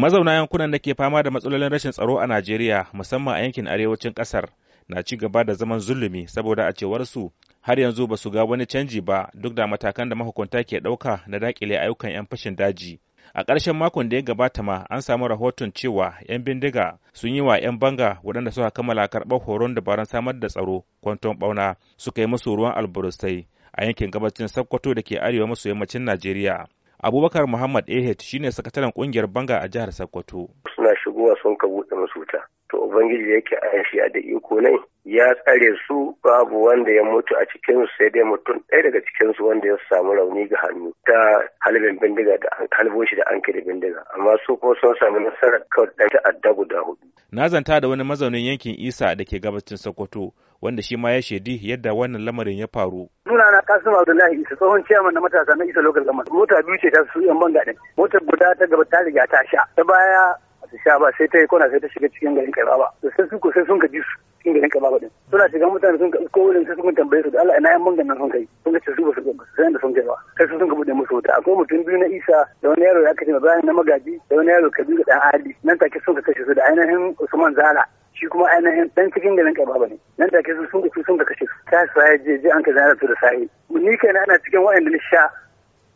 Mazauna yankunan da ke fama da matsalolin rashin tsaro a Najeriya musamman a yankin arewacin ƙasar na ci gaba da zaman zulumi saboda a cewar su har yanzu ba su ga wani canji ba duk da matakan da mahukunta ke ɗauka na dakile ayyukan 'yan fashin daji. A ƙarshen makon da ya gabata ma an samu rahoton cewa 'yan bindiga sun yi wa 'yan banga waɗanda suka kammala karɓar horon dabarun samar da tsaro kwanton ɓauna suka yi musu ruwan alburusai a yankin gabacin Sokoto da ke arewa maso yammacin Najeriya. abubakar muhammad eh ne sakataren kungiyar banga a jihar sokoto suna shigowa sun ka buɗe musu wuta to ubangiji yake an shi da iko ne ya tsare su babu wanda ya mutu a cikinsu sai dai mutum ɗaya daga cikinsu wanda ya samu rauni ga hannu ta halibin bindiga da an shi da an kiri bindiga amma su ko sun samu nasarar kawai ɗan ta'adda guda hudu. na zanta da wani mazaunin yankin isa da ke gabacin sokoto wanda shi ma ya shaidi yadda wannan lamarin ya faru. Nuna na Kasim Abdullahi Isa tsohon ciyaman na matasa na Isa lokal Lamar. Mota biyu ce ta su yan banga din. mota guda ta gaba ta riga ta sha. Ta baya su sha ba sai ta yi kona sai ta shiga cikin garin kai ba da sai suka sai sun ka ji su cikin garin kai ba din suna shiga mutane sun ka ko wurin sai sun tambaye su da Allah ina yan mun ganin sun kai sun ce su ba su ba sai da sun kai ba sai sun ka bude musu wuta akwai mutum biyu na Isa da wani yaro ya kace bayan na magaji da wani yaro Kabiru dan Ali nan take sun ka kashe su da ainihin Usman Zala shi kuma ainihin dan cikin garin kai ba ne nan take su sun sun ka kashe su ta sai je je an ka zara su da sai ni kaina ana cikin wa'anda na sha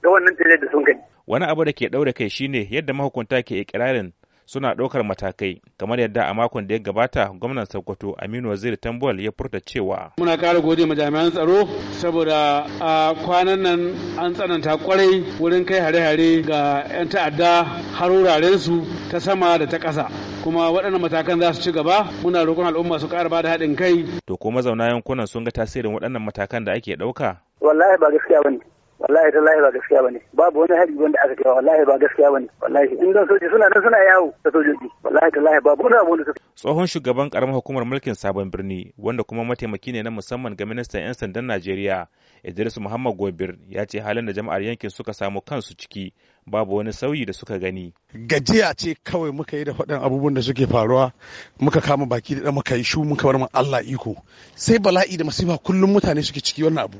da wannan tare da sun kai wani abu da ke ɗaure kai shine yadda mahukunta ke ikirarin suna ɗaukar matakai kamar yadda a makon da ya gabata gwamnan sokoto aminu waziri tambuwal ya furta cewa muna ƙara gode ma jami'an tsaro saboda a kwanan nan an tsananta kwarai wurin kai hare-hare ga 'yan ta'adda har wuraren su ta sama da ta ƙasa kuma waɗannan matakan za su ci gaba muna roƙon al'umma su ƙara bada haɗin kai to ko mazauna yankunan sun ga tasirin waɗannan matakan da ake ɗauka wallahi ba gaskiya bane wallahi tallahi ba gaskiya bane babu wani hari wanda aka kai wallahi ba gaskiya bane wallahi in dan soji suna nan suna yawo da sojoji wallahi tallahi babu wani abu da tsohon shugaban karamar hukumar mulkin sabon birni wanda kuma mataimaki ne na musamman ga ministan yan sandan Najeriya Idris Muhammad Gobir ya ce halin da jama'ar yankin suka samu kansu ciki babu wani sauyi da suka gani gajiya ce kawai muka yi da faɗin abubuwan da suke faruwa muka kama baki da muka yi shu muka bar mu Allah iko sai bala'i da masifa kullum mutane suke ciki wannan abu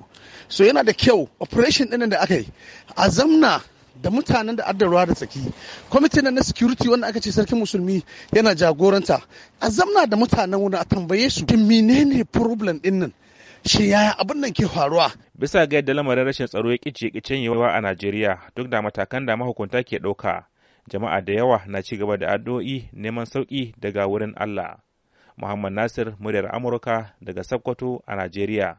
so yana da kyau operation ɗin da aka yi a zamna da mutanen da addarwa da tsaki kwamitin na security wanda aka ce sarkin musulmi yana jagoranta a zamna da mutanen wani a tambaye su menene problem ɗin nan shi yaya abin nan ke faruwa bisa ga yadda lamarin rashin tsaro ya kice kicen yawa a Najeriya duk da matakan da mahukunta ke ɗauka jama'a da yawa na ci gaba da addu'o'i neman sauki daga wurin Allah Muhammad Nasir muryar Amurka daga Sokoto a Najeriya